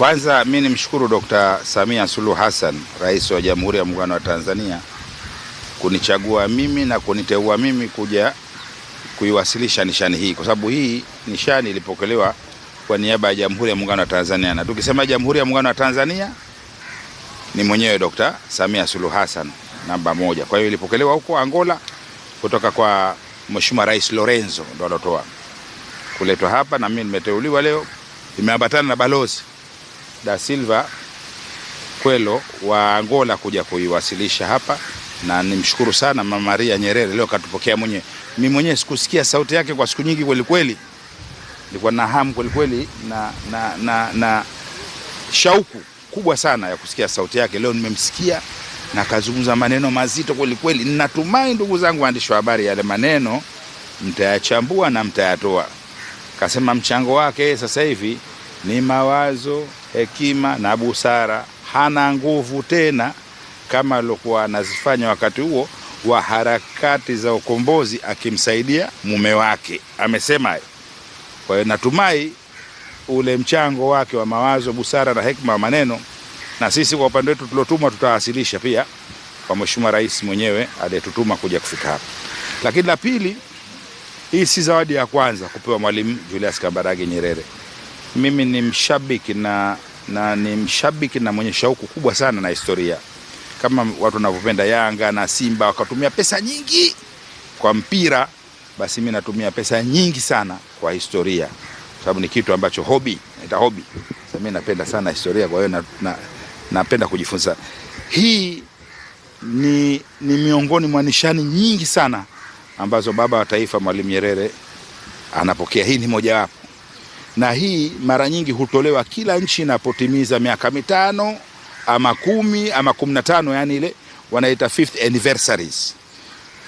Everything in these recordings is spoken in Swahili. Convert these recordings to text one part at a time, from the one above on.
Kwanza mi nimshukuru Dkt. Samia Suluhu Hassan, Rais wa Jamhuri ya Muungano wa Tanzania kunichagua mimi na kuniteua mimi kuja kuiwasilisha nishani hii, kwa sababu hii nishani ilipokelewa kwa niaba ya Jamhuri ya Muungano wa Tanzania, na tukisema Jamhuri ya Muungano wa Tanzania ni mwenyewe Dkt. Samia Suluhu Hassan namba moja. Kwa hiyo ilipokelewa huko Angola kutoka kwa Mheshimiwa Rais Lorenzo ndo alotoa kuletwa hapa, na mimi nimeteuliwa leo, imeambatana na balozi da Silva Kwelo wa Angola kuja kuiwasilisha hapa, na nimshukuru sana Mama Maria Nyerere leo katupokea mwenyewe. Mi mwenyewe sikusikia sauti yake kwa siku nyingi kweli kweli, nilikuwa na hamu kweli kweli na, na, na, na shauku kubwa sana ya kusikia sauti yake. Leo nimemsikia na kazungumza maneno mazito kweli kweli. Ninatumai ndugu zangu waandishi wa habari, yale maneno mtayachambua na mtayatoa. Kasema mchango wake sasa hivi ni mawazo hekima na busara, hana nguvu tena kama alikuwa anazifanya wakati huo wa harakati za ukombozi, akimsaidia mume wake. Amesema Kwa hiyo natumai ule mchango wake wa mawazo, busara na hekima wa maneno, na sisi kwa upande wetu tulotumwa, tutawasilisha pia kwa Mheshimiwa Rais mwenyewe aliyetutuma kuja kufika hapa. Lakini la pili, hii si zawadi ya kwanza kupewa Mwalimu Julius Kambarage Nyerere. Mimi ni mshabiki na na ni mshabiki na mwenye shauku kubwa sana na historia, kama watu wanavyopenda Yanga na Simba wakatumia pesa nyingi kwa mpira, basi mimi natumia pesa nyingi sana kwa historia, kwa sababu ni kitu ambacho hobi, naita hobi. Sasa mimi napenda sana historia, kwa hiyo na, na, napenda kujifunza. Hii ni, ni miongoni mwa nishani nyingi sana ambazo baba wa taifa Mwalimu Nyerere anapokea. Hii ni mojawapo na hii mara nyingi hutolewa kila nchi inapotimiza miaka mitano ama kumi ama kumi na tano yani ile wanaita fifth anniversaries.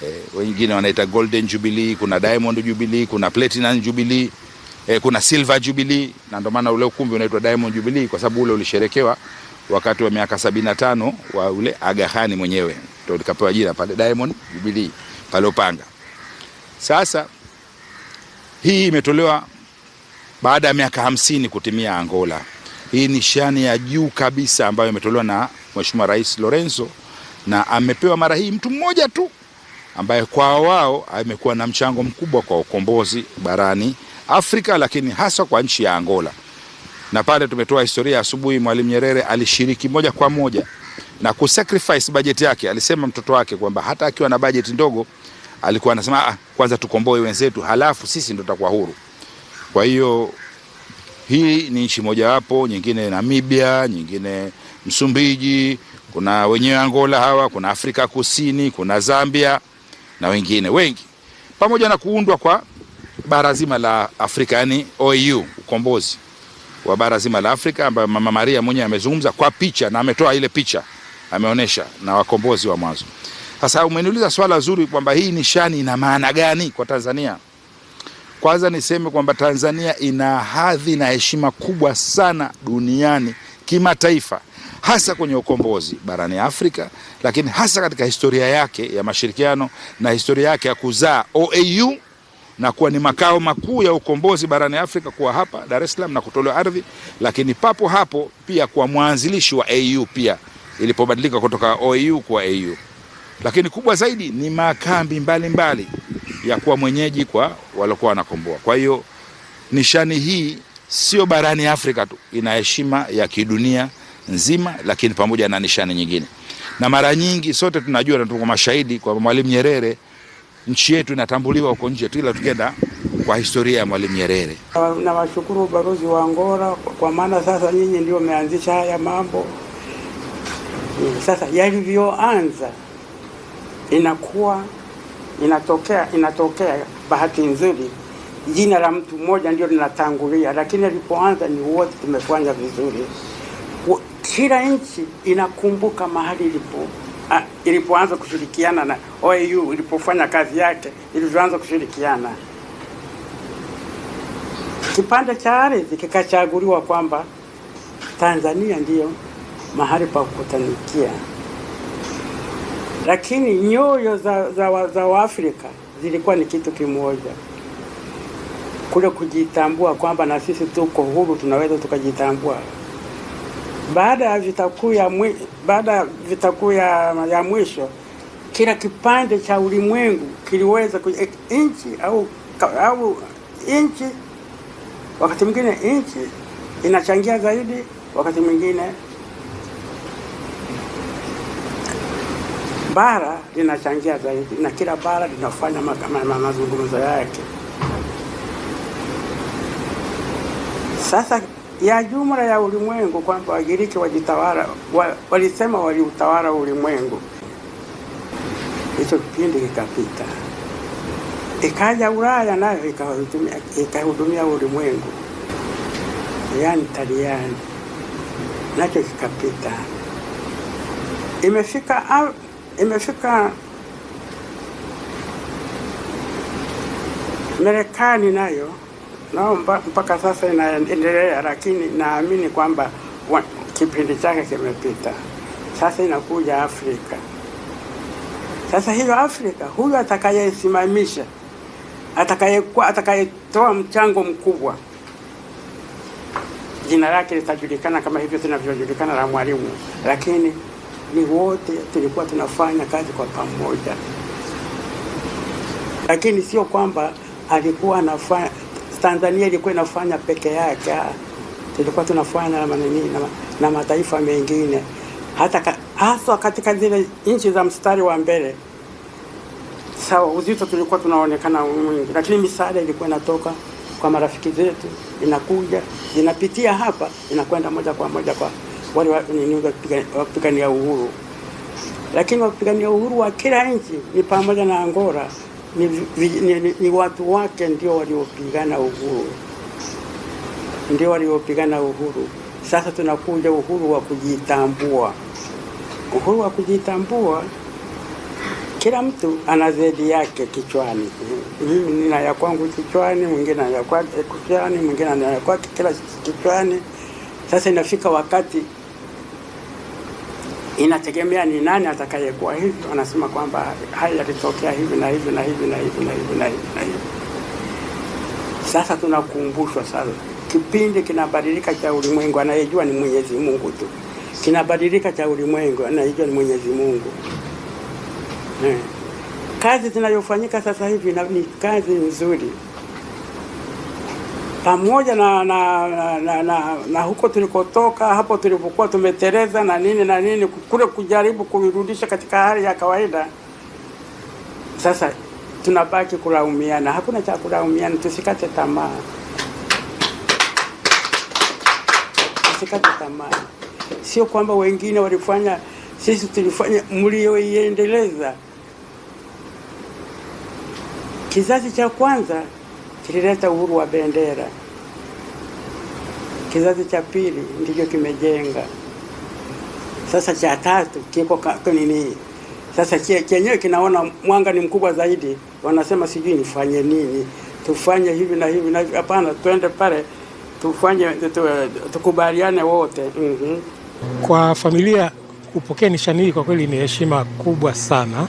E, wengine wanaita golden jubilee, kuna diamond jubilee, kuna platinum jubilee e, kuna silver jubilee, na ndio maana ule ukumbi unaitwa diamond jubilee kwa sababu ule ulisherekewa wakati wa miaka tano wa ule Aga Khan mwenyewe ndio likapewa jina pale diamond jubilee pale Upanga. Sasa hii imetolewa baada ya miaka hamsini kutimia Angola. Hii ni shani ya juu kabisa ambayo imetolewa na Mheshimiwa Rais Lorenzo na amepewa mara hii mtu mmoja tu ambaye kwa wao amekuwa na mchango mkubwa kwa ukombozi barani Afrika, lakini hasa kwa nchi ya Angola. Na pale tumetoa historia asubuhi, Mwalimu Nyerere alishiriki moja kwa moja na kusacrifice bajeti yake. Alisema mtoto wake kwamba hata akiwa na bajeti ndogo alikuwa anasema ah, kwanza tukomboe wenzetu, halafu sisi ndo tutakuwa huru. Kwa hiyo hii ni nchi mojawapo, nyingine Namibia, nyingine Msumbiji, kuna wenyewe Angola hawa, kuna Afrika Kusini, kuna Zambia na wengine wengi, pamoja na kuundwa kwa bara zima la Afrika, yani OAU, ukombozi wa bara zima la Afrika, ambayo Mama Maria mwenyewe amezungumza kwa picha na ametoa ile picha ameonyesha na wakombozi wa mwanzo. Sasa umeniuliza swala zuri kwamba hii nishani ina maana gani kwa Tanzania? Kwanza niseme kwamba Tanzania ina hadhi na heshima kubwa sana duniani kimataifa, hasa kwenye ukombozi barani Afrika, lakini hasa katika historia yake ya mashirikiano na historia yake ya kuzaa OAU na kuwa ni makao makuu ya ukombozi barani Afrika kuwa hapa Dar es Salaam na kutolewa ardhi, lakini papo hapo pia kwa mwanzilishi wa AU pia ilipobadilika kutoka OAU kuwa AU. Lakini kubwa zaidi ni makambi mbalimbali mbali ya kuwa mwenyeji kwa waliokuwa wanakomboa. Kwa hiyo nishani hii sio barani Afrika tu, ina heshima ya kidunia nzima, lakini pamoja na nishani nyingine. Na mara nyingi sote tunajua na tuko mashahidi kwa Mwalimu Nyerere, nchi yetu inatambuliwa huko nje tu, ila tukienda kwa historia ya Mwalimu Nyerere. Nawashukuru ubalozi wa Angola kwa maana sasa nyinyi ndio mmeanzisha haya mambo. Sasa yalivyoanza inakuwa inatokea, inatokea bahati nzuri jina la mtu mmoja ndio linatangulia, lakini alipoanza ni wote tumefanya vizuri. Kila nchi inakumbuka mahali ilipo ilipoanza kushirikiana na OAU ilipofanya kazi yake, ilivyoanza kushirikiana. Kipande cha ardhi kikachaguliwa kwamba Tanzania ndiyo mahali pa kukutanikia lakini nyoyo za, za, za Waafrika zilikuwa ni kitu kimoja, kule kujitambua kwamba na sisi tuko huru, tunaweza tukajitambua. Baada ya vita kuu ya mwi, baada ya vita kuu ya, ya mwisho kila kipande cha ulimwengu kiliweza eh, nchi au, au nchi wakati mwingine nchi inachangia zaidi, wakati mwingine bara linachangia zaidi, na kila bara linafanya mazungumzo yake. Sasa ya jumla ya ulimwengu kwamba Wagiriki wajitawala wa, walisema waliutawala ulimwengu. Hicho kipindi kikapita, ikaja Ulaya nayo ikahudumia ikahudumia ulimwengu, yani taliani nacho kikapita. Imefika imefika Marekani nayo nao mpaka sasa inaendelea, lakini naamini kwamba kipindi chake kimepita. Sasa inakuja Afrika. Sasa hiyo Afrika, huyu atakayesimamisha, atakayekuwa, atakayetoa mchango mkubwa, jina lake litajulikana kama hivyo tunavyojulikana la Mwalimu, lakini ni wote tulikuwa tunafanya kazi kwa pamoja, lakini sio kwamba alikuwa anafanya Tanzania ilikuwa inafanya peke yake, ah, tulikuwa tunafanya na, na mataifa mengine hata haswa katika zile nchi za mstari wa mbele. Sawa, uzito tulikuwa tunaonekana mwingi, lakini misaada ilikuwa inatoka kwa marafiki zetu, inakuja inapitia hapa, inakwenda moja kwa moja kwa wale wapigania uhuru, lakini wapigania uhuru wa kila nchi ni pamoja na Angola ni, ni, ni, ni watu wake ndio waliopigana uhuru, ndio waliopigana uhuru. Sasa tunakuja uhuru wa kujitambua. Uhuru wa kujitambua, kila mtu ana zedi yake kichwani. Mimi nina ya kwangu kichwani, mwingine ana ya kwake eh, kichwani, mwingine ana ya kwake kila kichwani. Sasa inafika wakati inategemea ni nani atakayekuwa hivyo Anasema kwamba haya yalitokea hivi na hivi na hivi na hivi na hivi na hivi na hivi. Sasa tunakumbushwa sasa kipindi kinabadilika cha ulimwengu, anayejua ni Mwenyezi Mungu tu. Kinabadilika cha ulimwengu, anayejua ni Mwenyezi Mungu eh. Kazi zinayofanyika sasa hivi ni kazi nzuri pamoja na na, na, na, na na huko tulikotoka, hapo tulipokuwa tumetereza na nini na nini, kule kujaribu kuirudisha katika hali ya kawaida. Sasa tunabaki kulaumiana, hakuna cha kulaumiana. Tusikate tamaa, tusikate tamaa. Sio kwamba wengine walifanya, sisi tulifanya, mlioiendeleza kizazi cha kwanza kilileta uhuru wa bendera. Kizazi cha pili ndicho kimejenga sasa, cha tatu kiko nini sasa, chenyewe kinaona mwanga ni mkubwa zaidi, wanasema sijui nifanye nini, tufanye hivi na hivi na hivi. Hapana, twende pale tufanye tukubaliane wote. mm -hmm. Kwa familia kupokea nishani hii kwa kweli ni heshima kubwa sana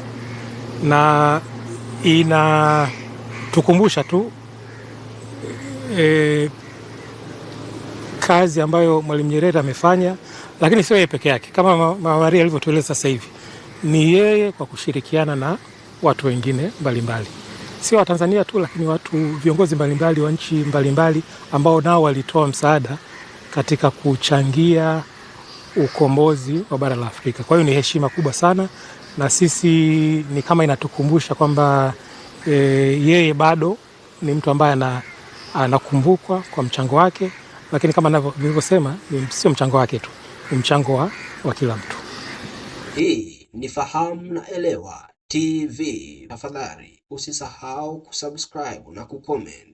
na inatukumbusha tu e, kazi ambayo Mwalimu Nyerere amefanya, lakini sio yeye peke yake, kama Mama Maria alivyotueleza sasa hivi, ni yeye kwa kushirikiana na watu wengine mbalimbali, sio Watanzania tu, lakini watu viongozi mbalimbali wa nchi mbalimbali ambao nao walitoa msaada katika kuchangia ukombozi wa bara la Afrika. Kwa hiyo ni heshima kubwa sana, na sisi ni kama inatukumbusha kwamba e, yeye bado ni mtu ambaye ana anakumbukwa kwa mchango wake, lakini kama nilivyosema, sio mchango wake tu, ni mchango wa, wa kila mtu. Hii ni Fahamu na Elewa TV. Tafadhali usisahau kusubscribe na kucomment.